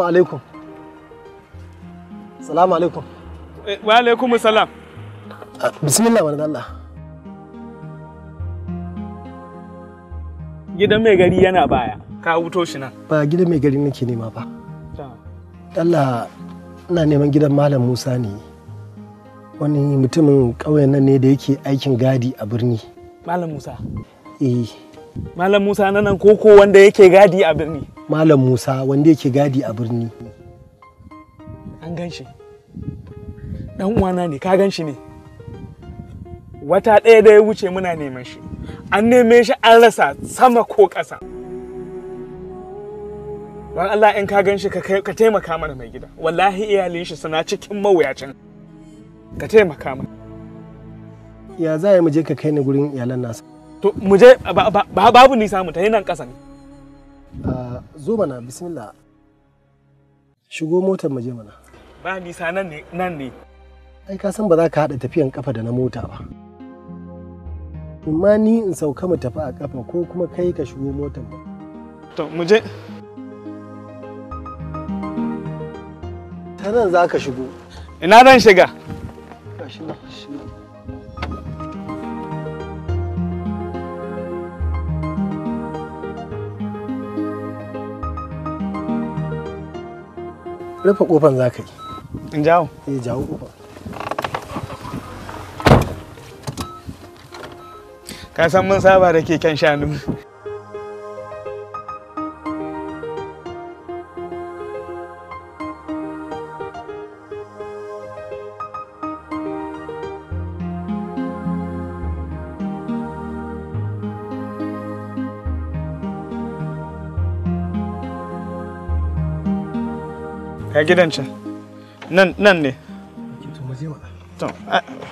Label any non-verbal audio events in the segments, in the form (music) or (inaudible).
Salamu alaikum. Salamu alaikum. Eh, wa alaikum salam. Ah, bismillah wani Allah. Gidan mai gari yana baya. Ka wuto shi nan. Ba gidan mai gari nake nema ba. Allah ina neman gidan Malam Musa ne. Wani mutumin ƙauyen nan ne da yake aikin gadi a birni. Malam Musa? Eh. Malam Musa na nan koko wanda yake gadi a birni. malam musa wanda yake gadi a birni an gan shi dan uwana ne ka gan shi ne wata ɗaya da ya wuce muna neman shi an neme shi an rasa sama ko ƙasa don Allah in ka gan shi ka taimaka mana mai gida wallahi iyalin shi suna cikin mawuyacin ka taimaka mana ya za mu je ka kai ni gurin iyalan nasa to mu je babu nisa mu ta nan ƙasa ne zo mana bismillah shigo motar mu je mana ba nisa nan ne nan ne ai ka san ba za ka haɗa tafiyan kafa da na mota ba Amma ni in sauka mu tafi a kafa ko kuma kai ka shigo motar ba. to mu je ta nan za ka shigo ina zan shiga gashi shigo. rufe kofan za ka yi in jawo eh jawo kofa ka san mun saba da keken shanu Ga gidan can. Nan nan ne. To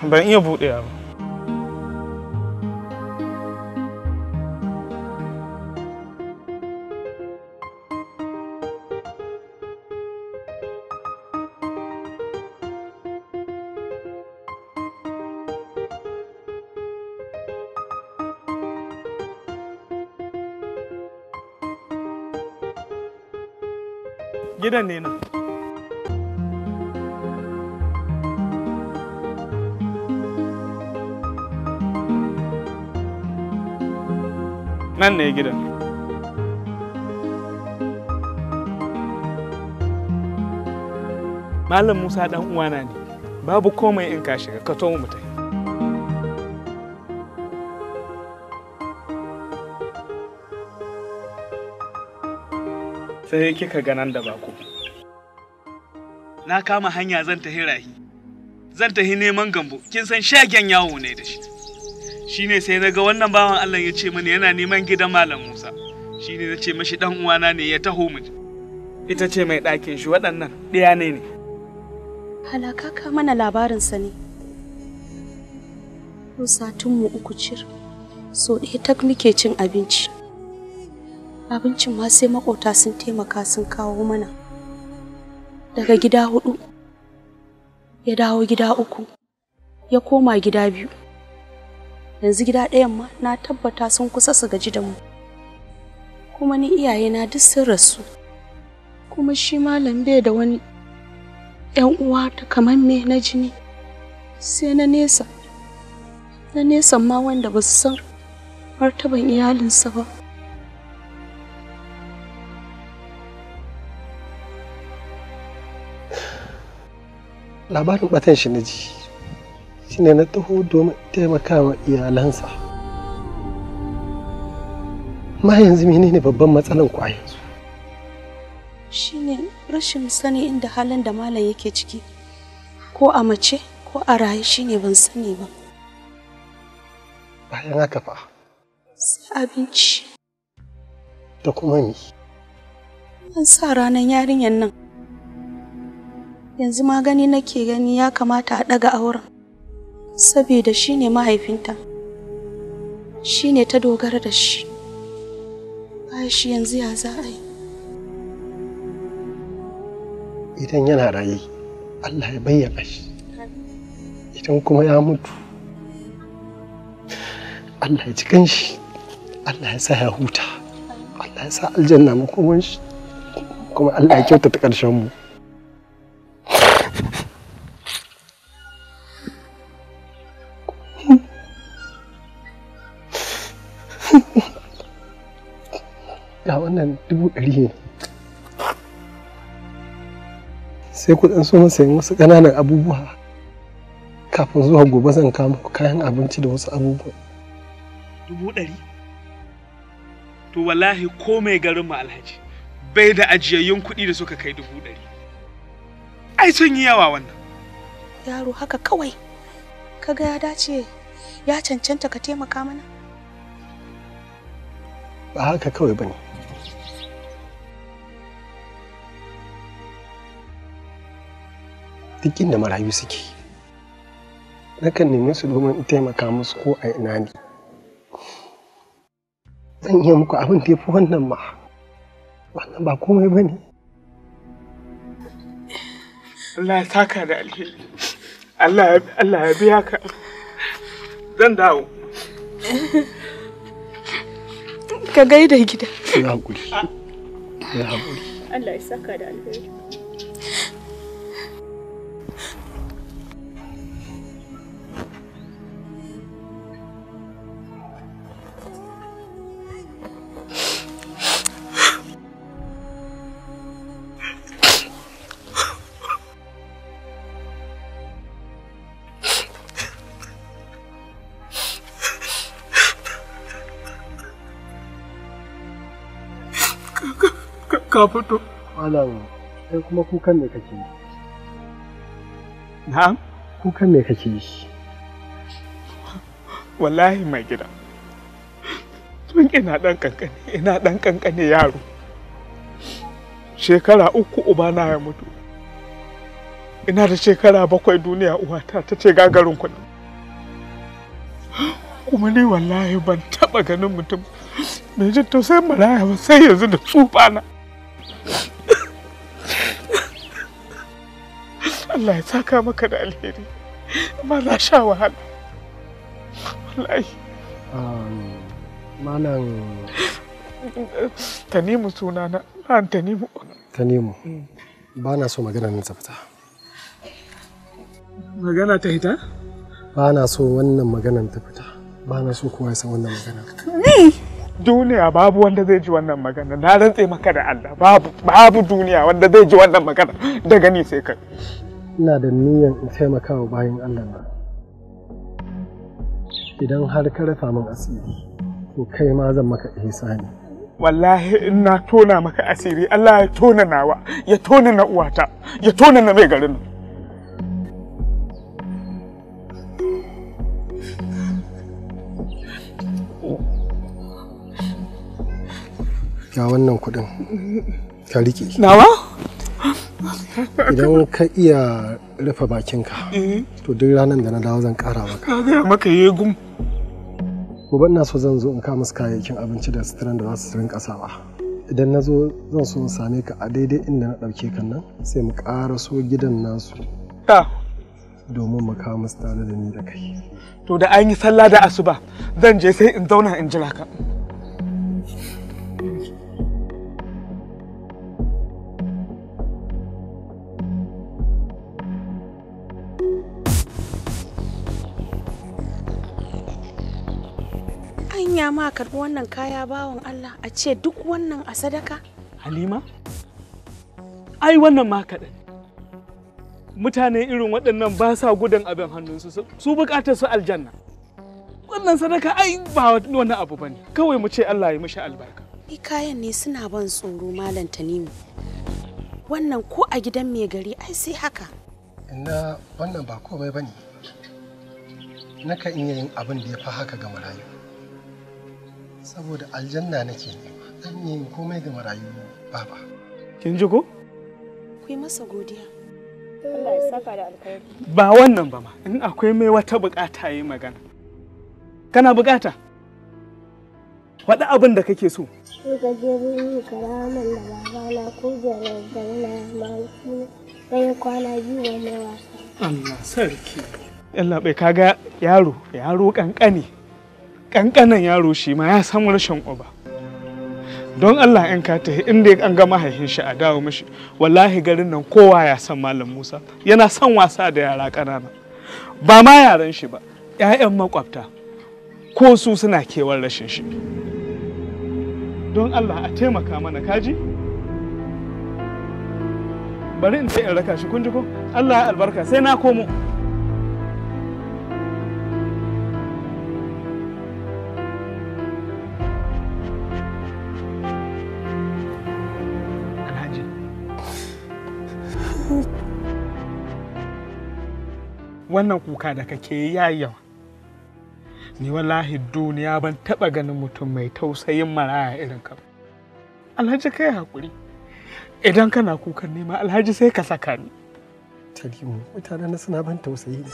ban iya buɗewa ba. gidan ne nan nan ne gidan malam musa dan uwana ne babu komai in ka shiga ka tomo mutai sai kika ga nan da bako na kama hanya zan tahi rahi zan tahi neman gambo kin san shagen yawo ne da shi shine sai na ga wannan bawan Allah ya ce mani yana neman gidan Malam Musa shine na ce mashi dan uwana ne ya taho mu ita ce mai ɗakin shi waɗannan ɗaya ne ne halaka ka mana labarin sa ne satin mu uku cir so ɗaya tak muke cin abinci abincin ma sai makota sun taimaka sun kawo mana daga gida hudu ya dawo gida uku ya koma gida biyu yanzu gida ɗayan ma na tabbata sun kusa su gaji da mu kuma ni iyaye na duk sun rasu kuma shi malam bai da wani ‘yan uwa ta kamar me na jini sai na nesa na nesa ma wanda ba su san martaban iyalinsa ba labarin batan shi na ji ne na taho domin taimakawa iyalansa ma yanzu menene babban matsalan ku a yanzu shine rashin sani inda halin da malam yake ciki ko a mace ko a raye shine ban sani ba bayan haka fa sai abinci da kuma mi an sa ranar yarinyar nan yanzu magani nake gani ya kamata a ɗaga auren saboda shi ne mahaifinta shi ne ta dogara da shi ba shi yanzu ya za a yi idan yana raye allah ya bayyana shi idan kuma ya mutu allah ya ci shi allah ya sa ya huta allah ya sa aljanna makomanshi kuma allah ya kyautata ƙarshen mu wannan dubu ɗari ne sai ɗan so masa yin wasu ƙananan abubuwa kafin zuwa gobe zan kama kayan abinci da wasu abubuwa dubu ɗari to wallahi ko mai garin mu alhaji bai da ajiyayyun kuɗi da suka kai dubu ɗari ai sun yi yawa wannan yaro haka kawai kaga ya dace ya cancanta ka taimaka mana ba haka kawai bane duk inda marayu suke nakan nemi su domin in taimaka musu ko a ina ne zan yi muku abin da ya fi wannan ma wannan ba komai ba ne Allah ya taka da alheri Allah ya biya ka zan dawo ka gaida gida ya haƙuri ya haƙuri Allah ya saka da alheri ka fito. Malam, sai kuma kukan me kake yi? Na'am? Kukan me kake yi? Wallahi mai gida. Tun ina ɗan kankane, ina ɗan kankane yaro. Shekara uku uba na ya mutu. Ina da shekara bakwai duniya uwata ta ce gagarin kuɗi. Kuma ni wallahi ban taɓa ganin mutum. Mai jin tausayin maraya ba sai yanzu da tsufana. na. Allah ya saka maka da alheri amma za sha wahala wallahi malam tanimu sunana an tanimu tanimu ba na so magana nan ta fita magana ta hita ba na so wannan maganan ta fita ba na so kowa ya san wannan magana ni duniya babu wanda zai ji wannan magana na rantse maka da Allah babu babu duniya wanda zai ji wannan magana daga ni sai kai ina da niyyar in taimaka wa bayan Allah na. Idan har ka rafa min asiri, to kai ma zan maka ihsani. Wallahi in na tona maka asiri, Allah ya tona nawa, ya tona na uwata, ya tona na mai garin. Ga wannan kuɗin, ka rike Nawa? idan ka iya rufe bakinka mm-hmm. to duk ranar da na dawo zan kara maka ka gaya maka ya gum gobe ina so zan zo in ka musu kayayyakin abinci da suturan da za su rinka sawa idan na zo zan so in same ka a daidai inda na ɗauke kan nan sai mu ƙara so gidan nasu domin mu kawo musu tare da ni da kai to da an yi sallah da asuba zan je sai in zauna in jira ka hanya ma karbi wannan kaya bawan Allah a ce duk wannan a sadaka? Halima? Ai wannan ma kaɗan. Mutane irin waɗannan ba sa gudan abin hannunsu su buƙatar su aljanna. Wannan sadaka ai ba wani abu ba ne, kawai mu ce Allah ya mishi albarka. Ni kayan ne suna ban tsoro Malam Tanimu. Wannan ko a gidan mai gari ai sai haka. Ina wannan ba komai ba ne. Naka iya yin abin da ya fi haka ga marayu. saboda aljanna nake nema zan yi komai ga marayu baba kin ji ko ku yi masa godiya Allah ya saka da alkhairi ba wannan ba ma in akwai mai wata bukata yi magana kana bukata faɗi abin da kake so ni gajeru ni karamin da babana ko jarar da na mahaifi bayan kwana biyu wani wasa Allah sarki Allah bai kaga yaro yaro kankani ƙanƙanan yaro shi ma ya samu rashin uba don allah in ka tafi inda an ga mahaifin shi a dawo mashi wallahi garin nan kowa ya san malam musa yana son wasa da yara ƙanana ba ma yaran shi ba ƴaƴan makwabta ko su suna kewar rashin shi don allah a taimaka mana kaji bari in ce in raka shi kun ji ko allah ya albarka sai na komo wannan kuka da kake ya yawa ni wallahi duniya ban taba ganin mutum mai tausayin maraya irin ka alhaji kai hakuri idan kana kukan nema alhaji sai ka saka ni talimu na suna ban tausayi ne.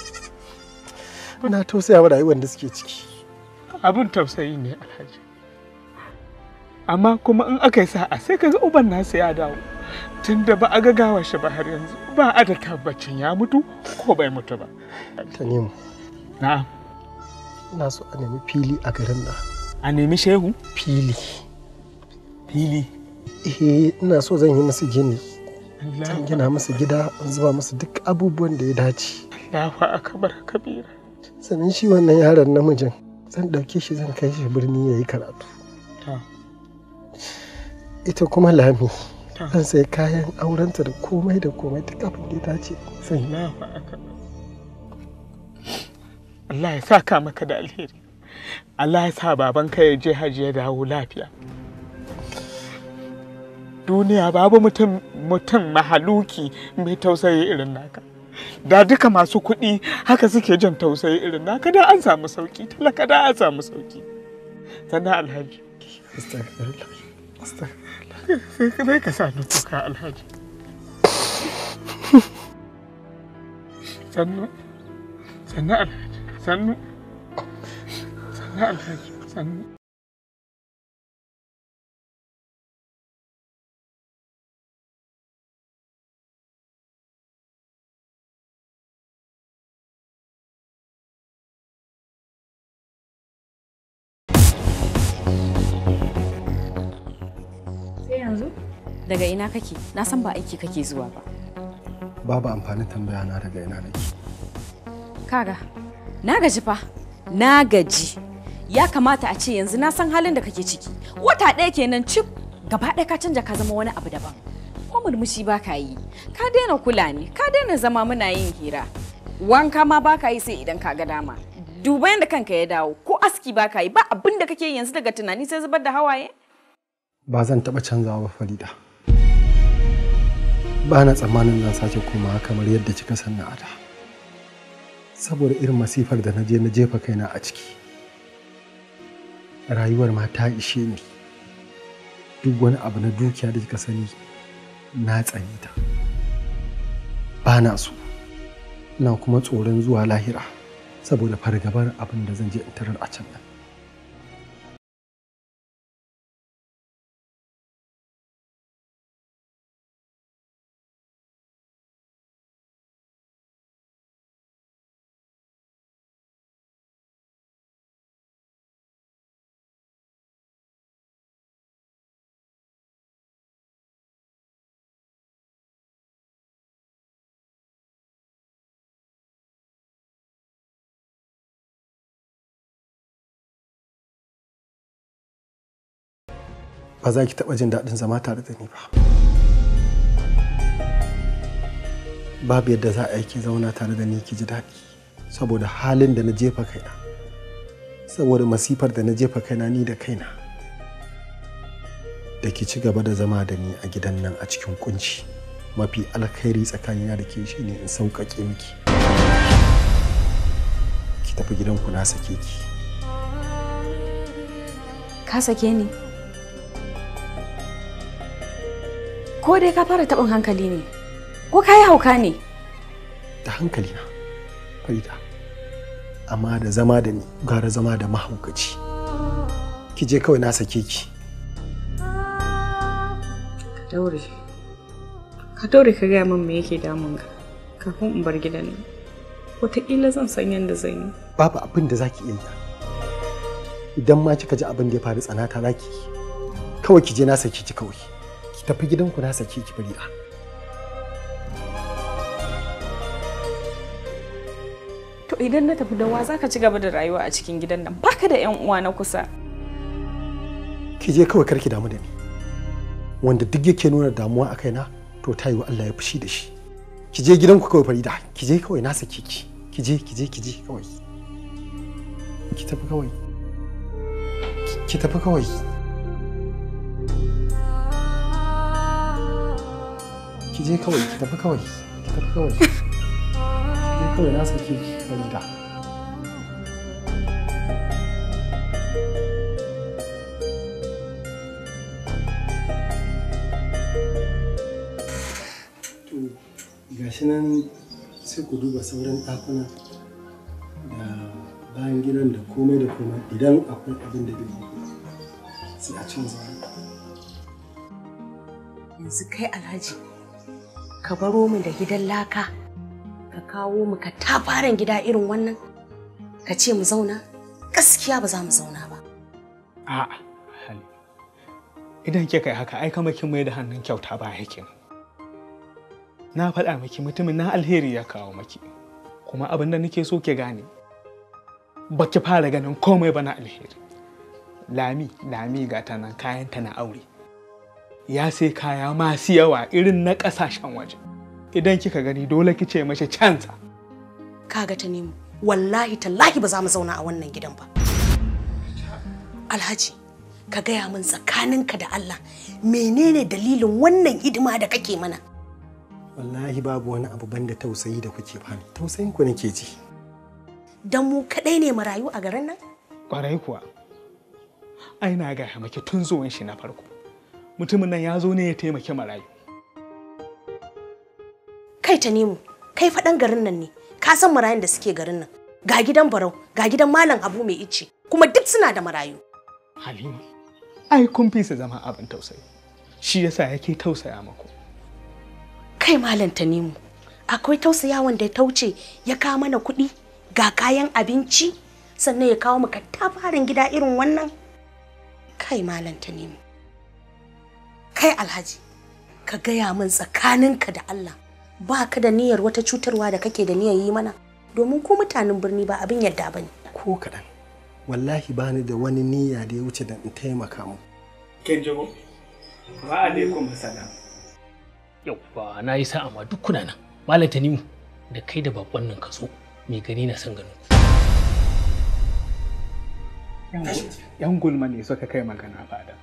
na tausaya wa rayuwar da suke ciki abin tausayi ne alhaji amma kuma in aka yi sa'a sai ka ga uban nasu ya dawo tun da ba a gagawa shi ba har yanzu ba a da tabbacin ya mutu ko bai mutu ba tanimu na na so a nemi fili a garin nan a nemi shehu fili fili eh ina so zan yi musu gini zan gina musu gida zuba musu duk abubuwan da ya dace a kamar kabira sannan shi wannan yaron namijin zan dauke shi zan kai shi birni yayi karatu ita kuma lami an sai kayan aurenta da komai da komai ta abin da ta dace sai na fa aka Allah ya saka maka da alheri Allah ya sa babanka ya je hajji ya dawo lafiya duniya babu mutum mutum mahaluki mai tausayi irin naka da duka masu kuɗi haka suke jin tausayi irin naka da an samu sauki talaka da an samu sauki sannan alhaji sai kadai ka sa ni kuka alhaji sannu sannu alhaji sannu sannu alhaji sannu Daga ina kake? Na san ba aiki kake zuwa ba. Babu amfanin tambaya na daga ina nake. Kaga, na gaji fa. Na gaji. Ya kamata a ce yanzu na san halin da kake ciki. Wata ɗaya kenan cif gaba ɗaya ka canja ka zama wani abu daban. Ko murmushi ba ka yi. Ka daina kula ne, ka daina zama muna yin hira. Wanka ma ba yi sai idan ka ga dama. Duba yadda kanka ya dawo, ko aski ba yi, ba abinda da kake yanzu daga tunani sai zubar da hawaye. Ba zan taɓa canzawa ba Farida. ba na tsammanin zan sace koma kamar yadda kika san na ada saboda irin masifar da na je na jefa kaina a ciki rayuwar ma ta ishe ni duk wani abu na dukiya da kika sani na tsani ta ba na so na kuma tsoron zuwa lahira saboda fargabar abin da zan je in tarar a can ba za ki taɓa jin daɗin zama tare da ni ba babu yadda za a yi ki zauna tare da ni ki ji daɗi saboda halin da na jefa kaina saboda masifar da na jefa kaina ni da kaina da ki ci gaba da zama da ni a gidan nan a cikin kunci mafi alkhairi tsakanina da ke ne in sauƙaƙe miki ki tafi gidan ku na sake ki ka sake ni ko dai ka fara taɓin hankali ne ko ka yi hauka ne da hankali na farida amma da zama da ni gara zama da mahaukaci ki je kawai na sake ki daure ka daure ka gaya min me yake damun ka kafin in bar gidan nan wataƙila zan san yadda zan yi babu abin da zaki iya idan ma kika ji abin da ya faru tsanata zaki kawai ki je na sake ki kawai tafi gidanku na sake ki a to idan na tafi dawa za ka ci gaba da rayuwa a cikin gidan nan baka da yan uwa na kusa ki je kawai karki damu da ni wanda duk yake nuna damuwa a kaina to ta yi wa Allah ya fushi da shi ki je gidanku kawai farida ki je kawai na sake ki ki je ki je ki je kawai ki tafi kawai ki tafi kawai ki je kawai ki tafi kawai ki tafi kawai ki je kawai na sake ki farida gashi nan sai ku duba sauran ɗakuna da bayan gidan da komai da komai idan akwai abin da bai sai a canza yanzu kai alhaji ka baro mu da gidan laka ka kawo mu ka tafaran gida irin wannan ka ce mu zauna gaskiya ba za mu zauna ba a'a idan ke kai haka ai kama kin mai da hannun kyauta ba yake na faɗa miki mutumin na alheri ya kawo miki kuma abin da nake so ke gane baki fara ganin komai ba na alheri lami lami ga ta nan kayan ta na aure ya sai kaya masu yawa irin na ƙasashen waje idan kika gani dole kice mashi cansa kaga ta nemo wallahi tallahi ba za mu zauna a wannan gidan ba alhaji ka gaya min tsakaninka da Allah menene dalilin wannan hidima da kake mana wallahi babu wani abu banda tausayi da kuke bani tausayin ku nake ji dan mu kadai ne marayu a garin nan kwarai kuwa ai na ga maki tun zuwan shi na farko mutumin nan ya zo ne ya taimaki marayu kai ta nemo kai faɗan garin nan ne ka san marayun da suke garin nan ga gidan barau ga gidan malam abu mai ice kuma duk suna da marayu halima ai kun fi su zama abin tausayi shi yasa yake tausaya maku kai malam ta nemo akwai tausaya wanda ya tauce ya kawo mana kuɗi ga kayan abinci sannan ya kawo maka tafarin gida irin wannan kai malam ta nemo kai alhaji ka gaya min tsakaninka da Allah ba ka da niyyar wata cutarwa da kake da niyyar yi mana domin ko mutanen birni ba abin yadda bane ko kaɗan wallahi bani da wani niyya da ya wuce da in taimaka mu ken jago wa alaikum yau ba na yi sa'a ma duk nan malam tanimu da kai da babban nan ka zo me gani na san ganin yan gulma ne suka kai magana fada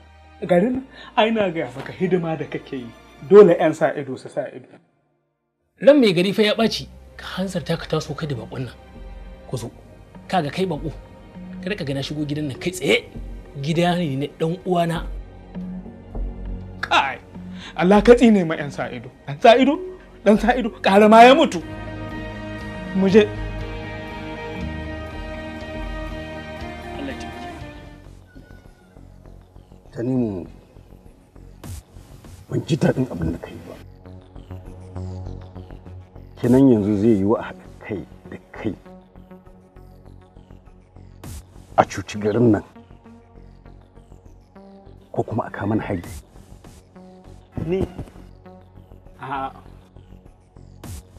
garin aina ga maka hidima da kake yi dole 'yan sa ido su sa ido ran mai gari fa ya ɓaci ka hanzarta ka taso kai da bakon nan ku zo kaga kai bako kada ka gana shigo gidan nan kai tsaye gida ne na dan uwana kai Allah ka tsine ma 'yan sa ido dan sa ido dan sa ido ƙara ya mutu mu je Tanimu ban ji daɗin abin da kai ba. Kenan yanzu zai yi wa haɗa kai da kai a cuci garin nan ko kuma a kaman hari. Ni a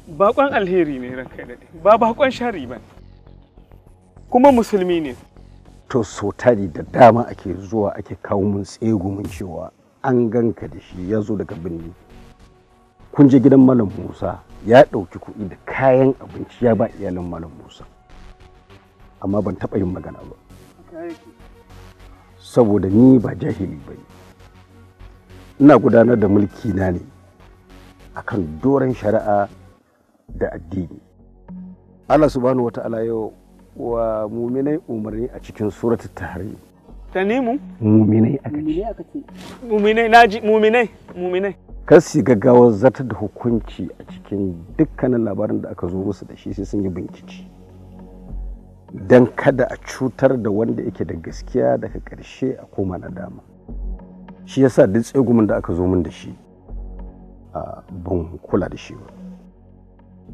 bakon alheri ne ranka daɗe ba bakon shari ba kuma musulmi ne. to so tari da dama ake zuwa ake kawo mun tsegumin cewa an ganka da shi ya zo daga birni kun je gidan malam musa ya ɗauki kuɗi da kayan abinci ya ba iyalin malam musa amma ban taɓa yin magana ba saboda ni ba jahili ba ina gudanar da mulki na ne akan doron shari'a da addini Allah subhanahu wata'ala yau wa muminai umarni a cikin suratu ta nemo? muminai aka ce muminai muminai muminai gaggawa zartar da hukunci a cikin dukkanin labarin da aka zo musu da shi sai sun yi bincike don kada a cutar da wanda yake da gaskiya daga ƙarshe a koma na dama shi yasa duk tsegumin da aka zo min da shi ban kula da shi ba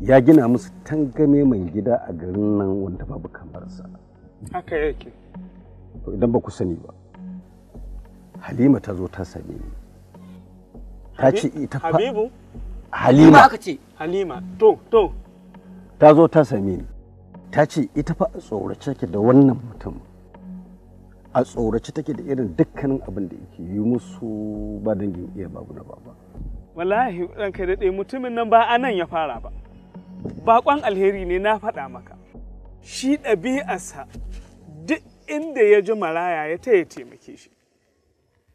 ya gina musu tangame mai gida a garin nan wanda babu kamarsa haka yake to idan ba ku sani ba halima ta zo ta same ni ta ce ita fa habibu halima aka ce halima to to ta zo ta same ni ta ce ita fa a tsorace ke da wannan mutum a tsorace take da irin dukkanin abin da yake yi musu ba dangin iya babu na baba wallahi ranka daɗe mutumin nan ba anan ya fara ba bakon alheri ne na faɗa maka shi ɗabi'arsa duk inda ya ji maraya ya ta ya taimake shi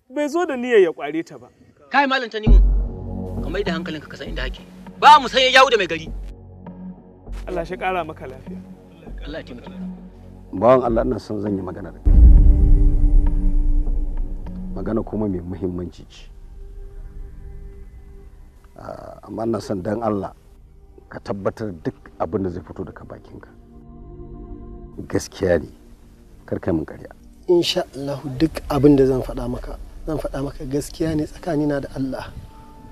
bai zo da niyyar ya kware ta ba kai malam ta nimu ka mai da hankalinka ka san inda hake ba mu san yawo da mai gari Allah shi kara maka lafiya Allah ya taimake bawan Allah ina son zan yi magana da magana kuma mai muhimmanci ce ah, amma ina son dan Allah ka tabbatar duk abin da zai fito daga bakinka gaskiya ne karka min ƙarya insha Allah duk abin da zan faɗa maka zan faɗa maka gaskiya ne tsakani na da Allah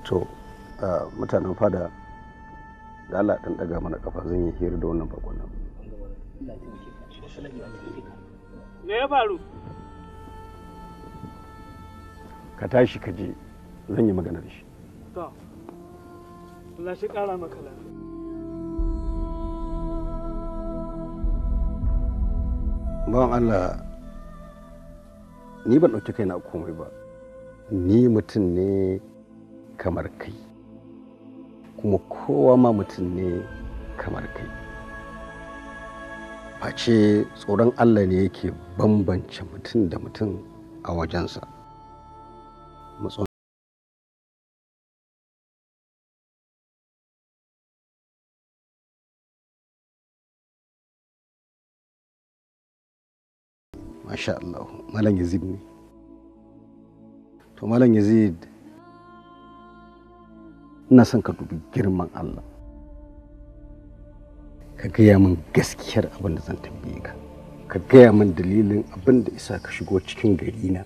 to mutanen fada da Allah ɗan ɗaga mana kafa zan yi hira da wannan bakon nan me ya faru ka tashi ka je zan yi magana da shi to Allah shi ƙara maka lafiya bawan allah ni ban ɗauki kaina komai ba ni mutum ne kamar kai kuma kowa ma mutum ne kamar kai face tsoron allah ne yake bambance mutum da mutum a wajensa masha Allah malam yazid ne to malam yazid ina son ka dubi girman Allah ka gaya min gaskiyar abin da zan tambaye ka ka gaya min dalilin abin da isa ka shigo cikin gari na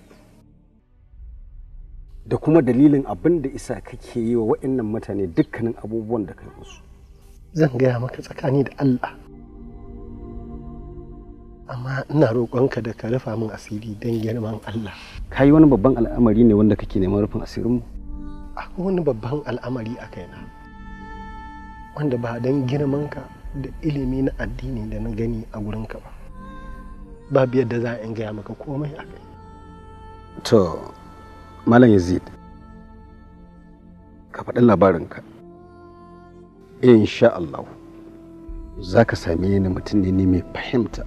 da kuma dalilin abin da isa kake yi wa waɗannan mutane dukkanin abubuwan da ka musu zan gaya maka tsakani da Allah amma ina roƙonka da ka rufa min asiri don girman Allah. Ka yi wani babban al'amari ne wanda kake neman rufin asirinmu? A wani babban al'amari a kaina wanda ba don ka da ilimi na addini da na gani a gurinka ba. ba Babu yadda za in gaya maka komai a kai. To, Malam Yazid, ka faɗi labarinka. Insha Allah, za ka same ni mutum ne mai fahimta.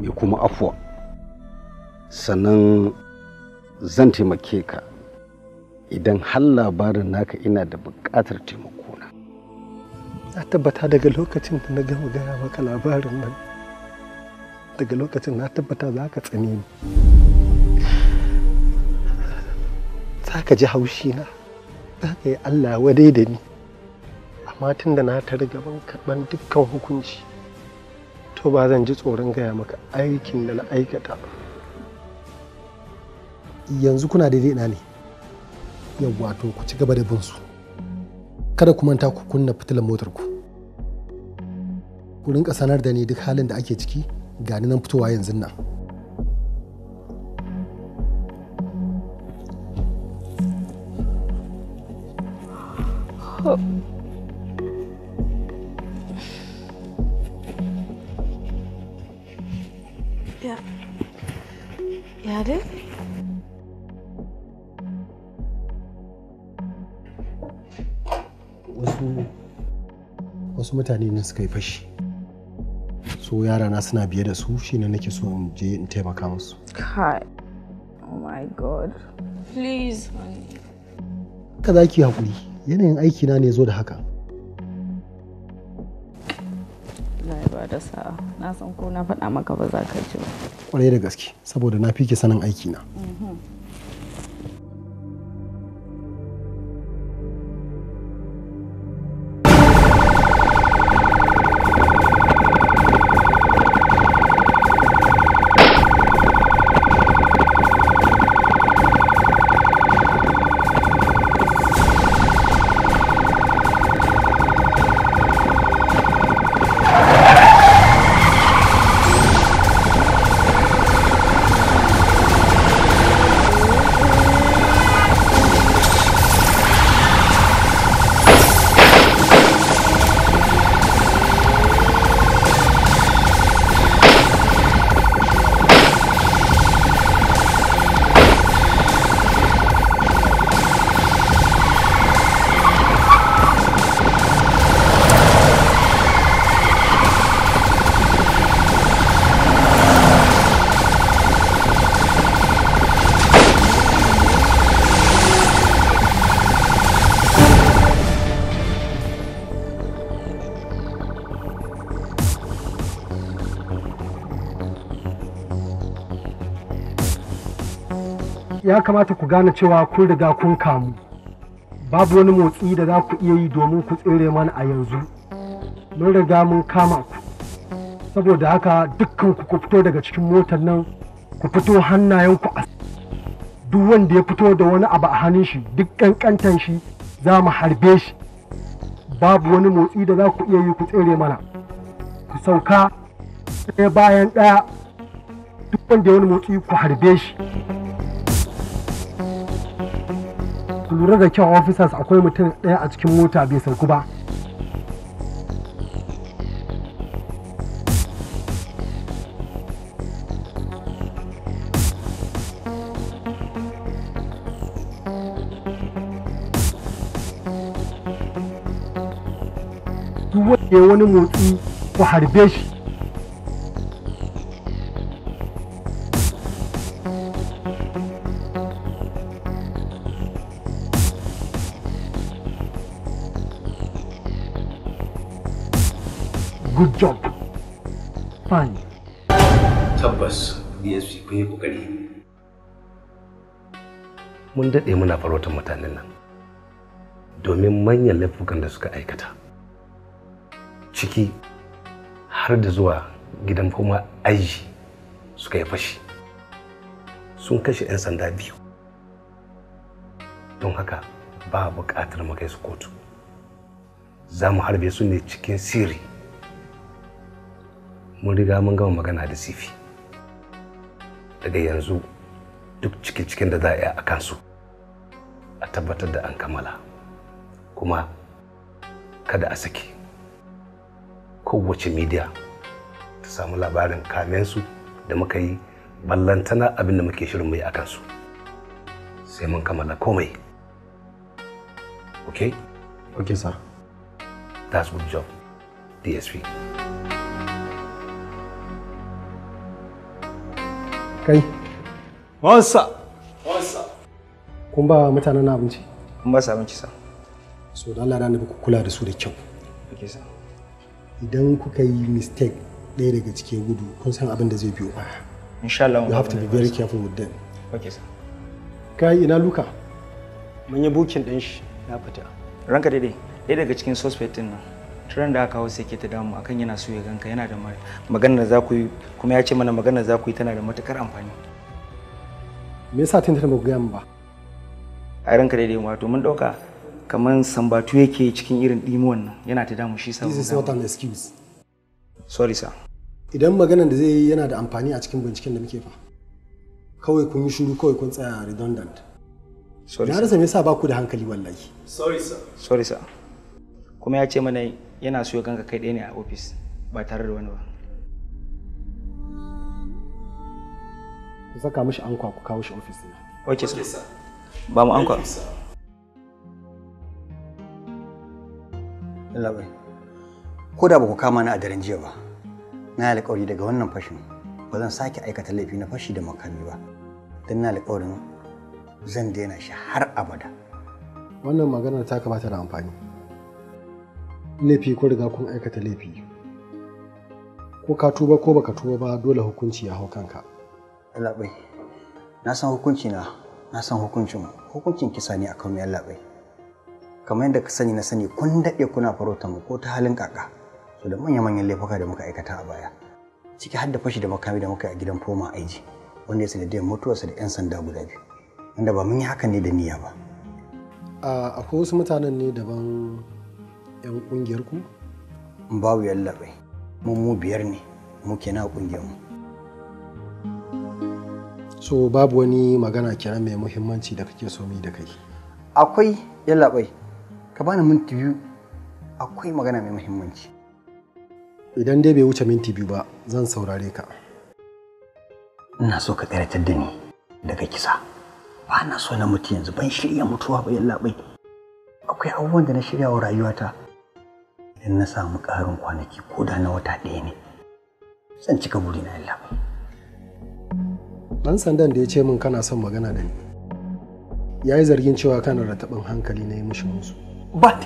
mai kuma afuwa sannan zan taimake ka idan har labarin naka ina da buƙatar taimakona na tabbata daga lokacin da na gama gaya maka labarin nan daga lokacin na tabbata za ka tsani ni za ka ji haushi na za ka yi allah wadai da ni amma tun da na tare gaban karɓar dukkan hukunci to ba zan ji tsoron gaya maka aikin da na aikata yanzu kuna daidai ina ne yawwa to ku ci gaba da bin su kada ku manta ku kunna fitilan motar ku ku rinka sanar da ni duk halin da ake ciki gani nan fitowa yanzu nan Oh. wasu wasu mutane ne suka yi fashi so yara na suna biye da su shi shine nake so in je in taimaka musu kai oh my god please honey ka hakuri yanayin aiki na ne zo da haka da sa'a na san ko na faɗa maka ba za ka ji ba kwarai da gaske saboda na fi ke sanin aiki na ya kamata ku gane cewa kun riga kun kamu babu wani motsi da za ku iya yi domin ku tsere mana a yanzu mun riga mun kama ku saboda haka dukkan ku ku fito daga cikin motar nan ku fito hannayenku a duk wanda ya fito da wani abu a hannun shi duk kankantan shi za mu harbe shi babu wani motsi da za ku iya yi ku tsere mana ku sauka ɗaya bayan ɗaya duk wanda ya wani motsi ku harbe shi ku lura da kyau officers akwai mutum ɗaya a cikin mota bai sauku ba duk wanda ya wani motsi ku harbe shi ku yi kokari mun daɗe muna farautar mutanen nan domin manyan laifukan da suka aikata ciki har da zuwa gidan fama aiji suka yi fashi sun kashe 'yan sanda biyu don haka ba buƙatar makai su kotu za mu harbe su ne cikin sirri mun riga mun gama magana da sifi daga yanzu duk cikin-cikin da za a yi a kansu a tabbatar da an kammala kuma kada a saki kowace media ta samu labarin kamensu da muka yi ballantana abin da muke shirin mai a kansu sai mun kammala komai okay okay sir that's good job dsp Kai. Wansa. Wansa. Kun ba mutanen abinci? Kun ba su abinci sa. So da Allah da ku kula da su da kyau. Okay sa. Idan kuka yi mistake ɗaya daga cikin gudu kun san abin da zai biyo ba. Insha Allah. You have to be very careful with them. Okay sa. Kai ina Luka? Mun yi bukin din shi ya fita. Ranka daidai. Ɗaya daga cikin suspect din nan. turan da aka hau sai ke ta damu akan yana so ya ganka yana da magana da za ku yi kuma ya ce mana magana da za ku yi tana da matukar amfani me yasa tun tana gaya min ba a ranka daidai wato mun dauka kamar sambatu yake cikin irin dimuwan nan yana ta damu shi sa this is not an excuse sorry sir idan maganar da zai yi yana da amfani a cikin binciken da muke fa kawai kun yi shiru kawai kun tsaya redundant sorry na rasa me yasa ba ku da hankali wallahi sorry sir sorry sir kuma ya ce mana yana so ya ganka kai ɗaya ne a ofis ba tare da wani ba ku saka mishi anko ku kawo shi ofis ne ok sir ba mu ankwa labai ko da ba ku kama ni a daren jiya ba na yi alƙawari daga wannan fashin ba zan sake aikata laifi na fashi da makami ba don na alƙawarin zan daina shi har abada wannan maganar ta kamata da amfani laifi ko riga kun aikata laifi ko ka tuba ko baka tuba ba dole hukunci ya hau kanka labai na san hukunci na na san hukuncin hukuncin kisa ne akan mai labai kamar yadda ka sani na sani kun daɗe kuna farauta mu ko ta halin kaka so da manya manyan laifuka da muka aikata a baya ciki har da fashi da makami da muka yi a gidan foma aiji wanda ya sanadiyar mutuwarsa da 'yan sanda guda biyu wanda ba mun yi hakan ne da niyya ba akwai wasu mutanen ne daban 'yan ƙungiyarku ku? Babu yallaɓai, mun mu biyar ne muke na ƙungiyarmu. mu. So babu wani magana kenan mai muhimmanci da kake so mi da kai. Akwai yallaɓai, ka bani minti biyu akwai magana mai muhimmanci. Idan dai bai wuce minti biyu ba zan saurare ka. Ina so ka tsiratar da ni daga kisa. Ba na so na mutu yanzu ban shirya mutuwa ba yallaɓai. Akwai abubuwan da na shirya wa rayuwata. idan na samu ƙarin kwanaki ko da na wata ɗaya ne zan cika burina Allah bai ɗan sandan da ya ce min kana son magana da ni ya yi zargin cewa kana da taɓin hankali na yi mishi musu ba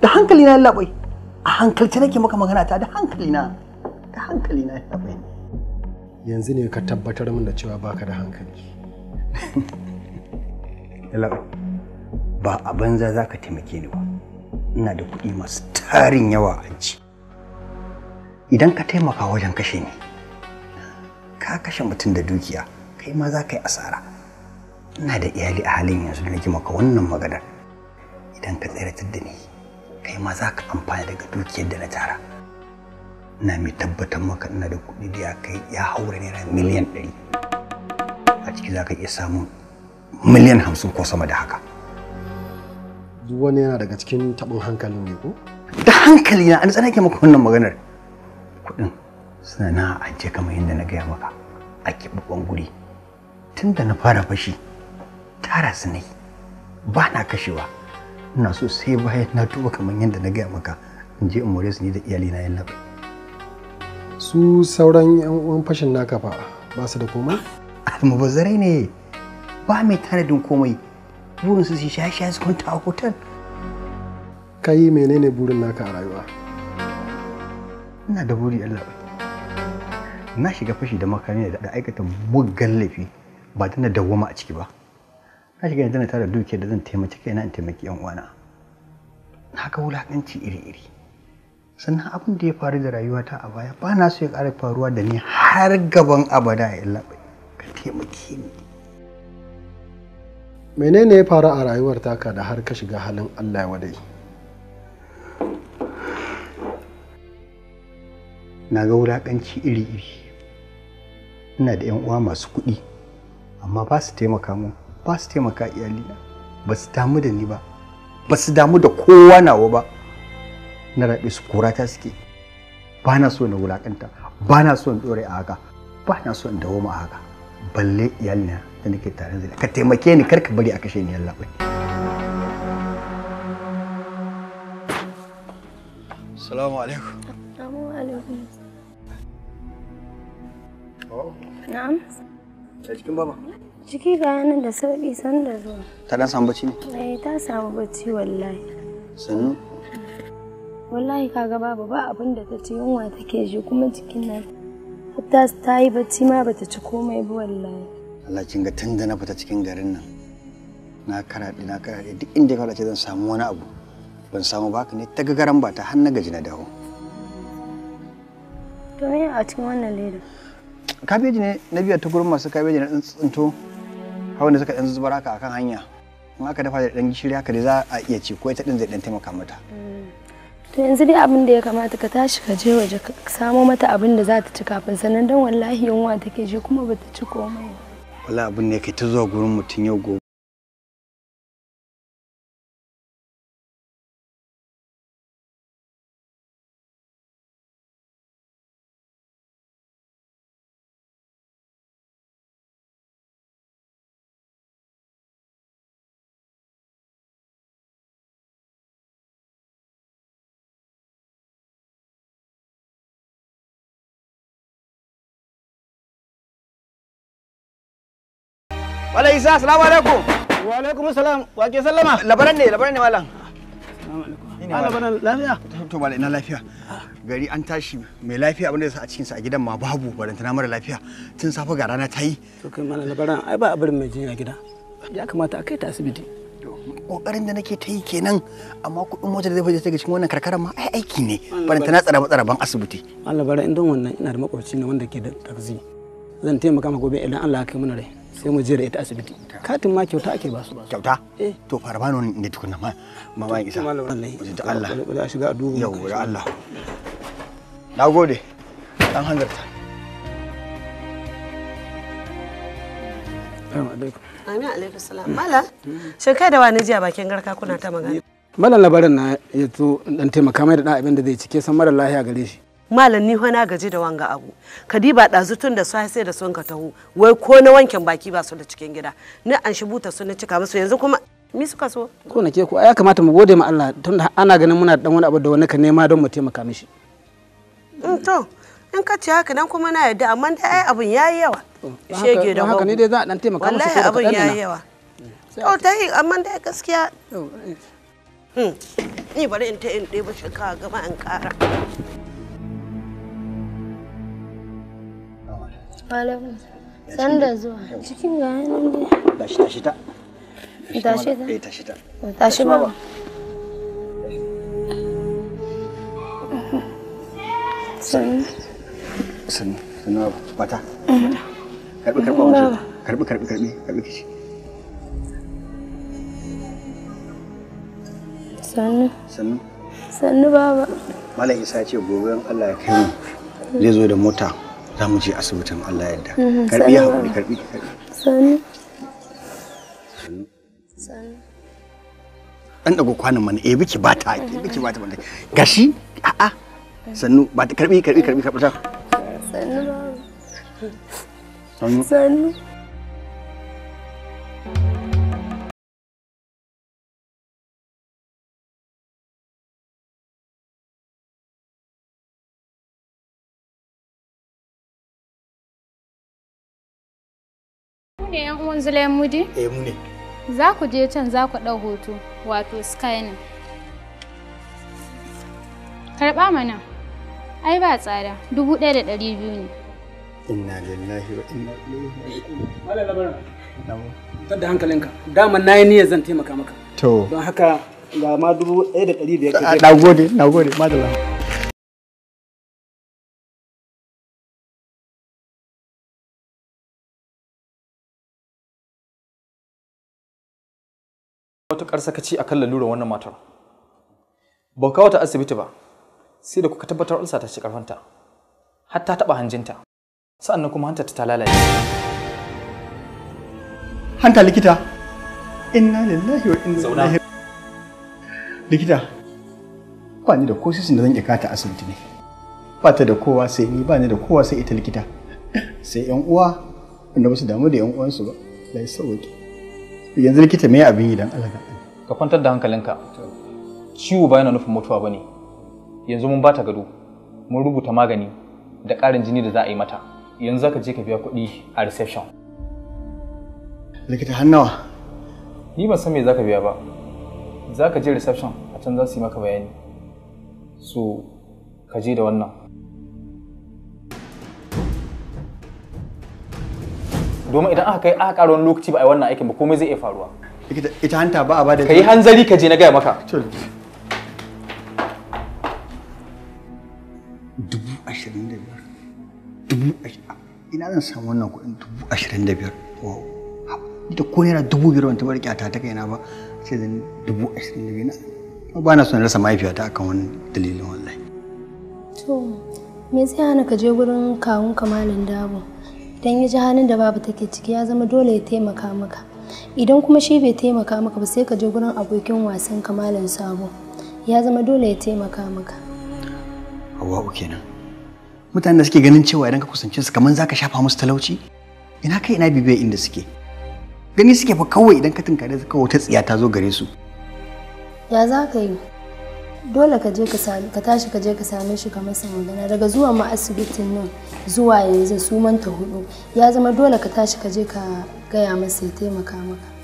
da hankali na Allah bai a hankalci nake maka magana ta da hankali na da hankali na Allah bai yanzu ne ka tabbatar min da cewa baka da hankali (laughs) ba a banza za ka taimake ni ba ina da kuɗi masu tarin yawa a ci idan ka taimaka wajen kashe ni ka kashe mutum da dukiya kai ma za ka yi asara ina da iyali a halin yanzu da nake maka wannan maganar idan ka tsiratar da ni kai ma za ka amfana daga dukiyar da na tara ina mai tabbatar maka ina da kuɗi da ya kai ya haura naira miliyan ɗari a ciki za ka iya samun miliyan hamsin ko sama da haka duk wani yana daga cikin taɓin hankalin ne ko da hankali na an ke maka wannan maganar kuɗin suna na ajiye kamar yadda na gaya maka a keɓaɓɓen guri Tunda na fara fashi tara su ne ba na kashewa ina so sai bayan na tuba kamar yadda na gaya maka in je in more su ne da iyalina na yalla su sauran yan uwan fashin naka fa ba su da komai almubazzarai ne ba mai tanadin komai burinsu su shaye shaye su kwanta a hotel kai menene burin naka a rayuwa ina da buri Allah na shiga fashi da makami da aikata muggan laifi ba da na a ciki ba na shiga yanzu na tara dukiyar da zan taimaki kaina in taimaki yan uwana na ga wulakanci iri-iri sannan abin da ya faru da rayuwata a baya ba na so ya ƙara faruwa da ni har gaban abada ya Allah. ka taimake ni menene ya faru a rayuwar taka da har ka shiga halin allah ya wadai na ga wulaƙanci iri-iri ina da 'yan uwa masu kuɗi amma ba su taimaka mu ba su taimaka iyalina ba su damu da ni ba ba su damu da kowa nawa ba na raɓe su ta suke ba na so na wulaƙanta ba na so in ɗore a haka ba na so in dawo ma a haka balle iyalina da nake tare da ka taimake ni kar ka bari a kashe ni yalla bai Assalamu alaikum. Assalamu alaikum. Oh. Na'am. Ta cikin baba. Ciki ga nan da sauki san da zuwa. Ta dan samu bacci ne? Eh ta samu bacci wallahi. Sannu. Wallahi kaga babu ba abin da ta ce yunwa take ji kuma cikin nan. Hatta ta yi bacci ma bata ci komai ba wallahi. Allah kin ga tunda na fita cikin garin nan na karaɗe na karaɗe duk inda ka ce zan samu wani abu ban samu ba ne ta gagaran ba ta har na gaji na dawo. To me a cikin wannan leda? Kabeji ne na biya ta gurin masu kabeji na tsinto hawan da suka ɗan zubar haka akan hanya. In aka dafa da ɗan gishiri haka dai za a iya ci ko ita ɗin zai ɗan taimaka mata. Mm. To yanzu dai abin da ya kamata ka tashi ka je waje ka samo mata abin da za ta ci kafin sannan don wallahi yunwa take je kuma ba ta ci komai ba. wala abun ne ka ta zuwa gurin mutum yau gobe Wala Isa, salamu alaikum. Wa alaikum salam. Wa ke sallama? Labaran ne, labaran ne malam. Salamu alaikum. Ina labaran lafiya? To malam ina lafiya. Gari an tashi mai lafiya abinda yasa a cikin sa a gidan ma babu barantana mara lafiya. Tun safe ga rana ta yi. To kai malam labaran ai ba abin mai jinya gida. Ya kamata a kai ta asibiti. kokarin da nake ta yi kenan amma kuɗin motar zai fita daga cikin wannan karkara ma ai aiki ne baranta na tsara ban asibiti Allah labaran in don wannan ina da makwabci ne wanda ke da taxi zan taimaka maka gobe idan Allah ya kai mana rai sai mu je da ita asibiti katin ma kyauta ake ba su kyauta eh. to fara bano ne tukunna ma mama isa da Allah da shiga dubu yau da Allah nagode dan hanzarta Assalamu alaikum. Amin alaikum salam. Mala, shin kai da wani jiya bakin garka kuna ta magana? Malam labarin na ya zo dan taimaka mai da dan abin da zai cike san mara lahiya gare shi. malam ni na gaji da wanga abu kadiba ɗazu tun da su sai da sun ka taho wai ko na wankin baki ba su da cikin gida na an shi buta su na cika musu yanzu kuma mi suka so ko na ke ko ya kamata mu gode ma Allah tunda ana ganin muna dan wani abu da wani ka nema don mu taimaka mishi in mm, to in ka ci haka nan kuma na yadda amma dai ai abun yayi yawa shege da haka ni dai za a dan taimaka musu wallahi abun yayi yawa to dai amma dai gaskiya eh. hmm, ni bari in ta in ɗebo shi ka gama in ƙara Malamu. Sanda zuwa. Cikin ga yanan dai. Tashi tashi ta. Tashi baba. Sannu. Sannu. Sannu baba. Bata. Karbi karbi wajen. Sannu. Sannu. Sannu Isa ya ce eh, gobe Allah ya kai mu zai zo da mota za mu je asibitin Allah yadda mhm, karbi ya haƙuri karbi karbi sani sani an dago kwanan mana eh biki ba ta ki biki ba ta ba gashi a'a sannu ba ta karbi karbi karbi karbi ta sannu sannu sannu ne yan uwan zulayen Mudi? Eh mu ne. Za ku je can za ku ɗau hoto wato scanning. Karɓa mana. Ai ba tsada, dubu ɗaya da ɗari biyu ne. Inna lillahi wa inna ilaihi raji'un. Tada hankalinka. Dama na yi niyyar zan taimaka maka. To. Don haka ga ma dubu ɗaya da ɗari biyar. Na gode, na gode, madalla. matuƙar sakaci kan lalurar wannan matar ba kawo ta asibiti ba sai da kuka tabbatar ulsa ta ci karfanta har ta taɓa hanjinta sa'annan kuma hanta ta lalace hanta likita inna lillahi wa inna ilaihi likita ba ni da ko da zan iya kata asibiti ne ba ta da kowa sai ni ba ni da kowa sai ita likita sai yan uwa wanda ba su damu da yan uwansu ba lai sauki yanzu likita me abin yi dan Allah ka kwantar da hankalinka ciwo ba yana nufin mutuwa ba ne yanzu mun ba ta gado mun rubuta magani da ƙarin jini da za a yi mata yanzu za ka je ka biya kuɗi a reception likita hannawa ni ban san me za ka biya ba za ka je reception a can za su yi maka bayani so ka je da wannan domin idan aka kai aka ƙara wani lokaci ba a yi wannan aikin ba komai zai iya faruwa ita hanta ba a ba da kai hanzari ka je na gaya maka dubu ashirin da biyar dubu ashirin ina zan samu wannan kuɗin dubu ashirin da biyar wow ita ko yana dubu biyar wani taɓa kyata ta kaina ba sai zan dubu ashirin da biyar ba na son rasa mahaifiyata akan wani dalilin wallahi to me zai hana ka je wurin kawun kamalin dabo idan ya ji halin da babu take ciki ya zama dole ya taimaka maka idan kuma shi bai taimaka maka ba sai ka je gurin abokin wasan malam sabo ya zama dole ya taimaka maka hawa uke nan mutanen da suke ganin cewa idan ka kusance su kamar zaka shafa musu talauci ina kai ina bibiya inda suke gani suke fa kawai idan ka tunkare su kawai ta tsiya ta zo gare su ya za ka yi dole ka je ka tashi ka je ka same shi ka masa magana daga zuwa ma asibitin nan zuwa yanzu su manta hudu ya zama dole ka tashi ka je ka gaya masa ya taimaka maka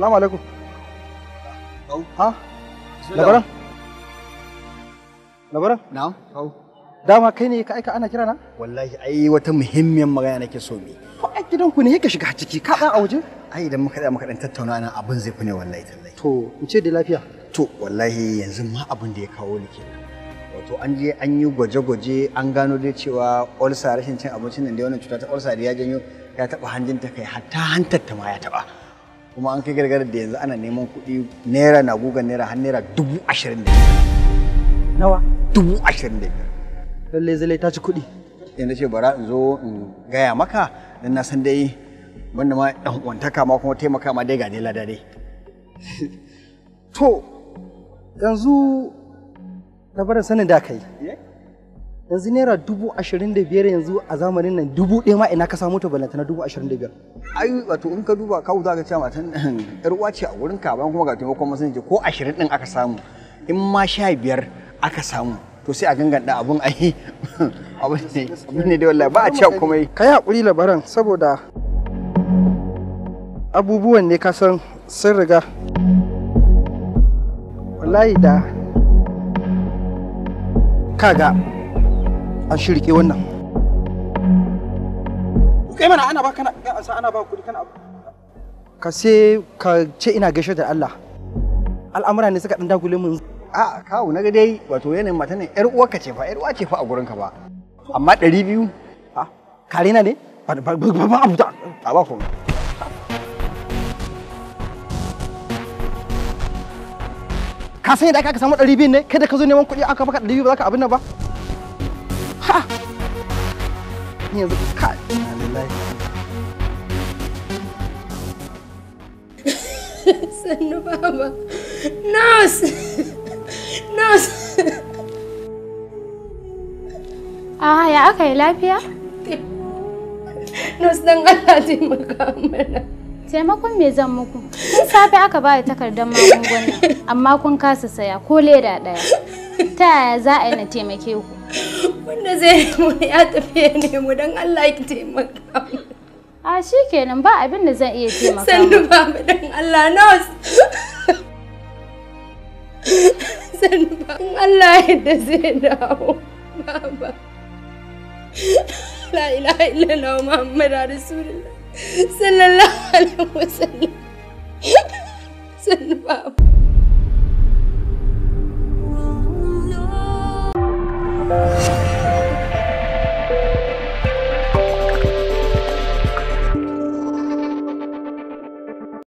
Salamu alaikum. Ha? Labaran? Labaran? Hau. Dama kai ne ka aika ana kira na? Wallahi ai wata muhimmiyar magana nake so mi. Ko a gidanku ne yake shiga ciki ka dan a waje? Ai idan muka da muka dan tattauna nan abin zai fi ne wallahi tallahi. To, in ce da lafiya. To, wallahi yanzu ma abin da ya kawo ni kenan. Wato an je an yi gwaje-gwaje an gano dai cewa olsa rashin cin abincin nan da wannan cuta ta olsa da ya janyo ya taba hanjinta kai hatta hantar ta ma ya taba. kuma an kai gargarar da yanzu ana neman kuɗi naira na gugan naira har naira dubu ashirin da nawa dubu ashirin da biyar lallai zalai ta ci kuɗi yanzu eh, ce bara in zo in gaya maka don na san dai banda ma ɗan uwantaka ma kuma taimaka ma dai ga dai lada dai (laughs) to yanzu na sanin da kai yanzu naira dubu ashirin da biyar yanzu a zamanin nan dubu ɗaya ma ina ka samu ta balanta na dubu ashirin da biyar. ai wato in ka duba kawo za ka cewa matan yar (clears throat) uwa ce a wurin ka ban kuma ga taimakon masu ko ashirin ɗin aka samu in ma sha biyar aka samu to sai a ganganta abun a yi (laughs) abin ne da wallahi ba a cewa komai. ka yi haƙuri labaran saboda abubuwan ne ka san sun riga wallahi da kaga an shirke wannan kai mana ana ba kana asa ana ba kudi kana abu ka sai ka ce ina gaishe da Allah al'amura ne suka dan dagule mun a kawo na ga dai wato yanayin mata ne yar uwarka ce fa yar uwa ce fa a gurinka ba amma 200. a kare na ne ba ba ba abu ta a ba kuma ka san yadda aka samu 200 ne kada ka zo neman kuɗi aka baka 200 ba za ka abin nan ba ha ni yanzu ka nurse nurse ah ya aka yi lafiya nurse dan Allah taimaka mana taimakon me zan muku tun safe aka ba da takardar magungunan, amma kun kasa saya ko leda daya ta yaya za a yi na taimake ku wanda zai mu ya tafiye ne mu don Allah ki taimaka a shi kenan ba abin da zan iya taimaka sannu ba mu don Allah nos sannu ba in Allah yadda zai dawo baba la ilaha illallah muhammad rasulullah sallallahu alaihi wasallam sannu ba Thank oh, you.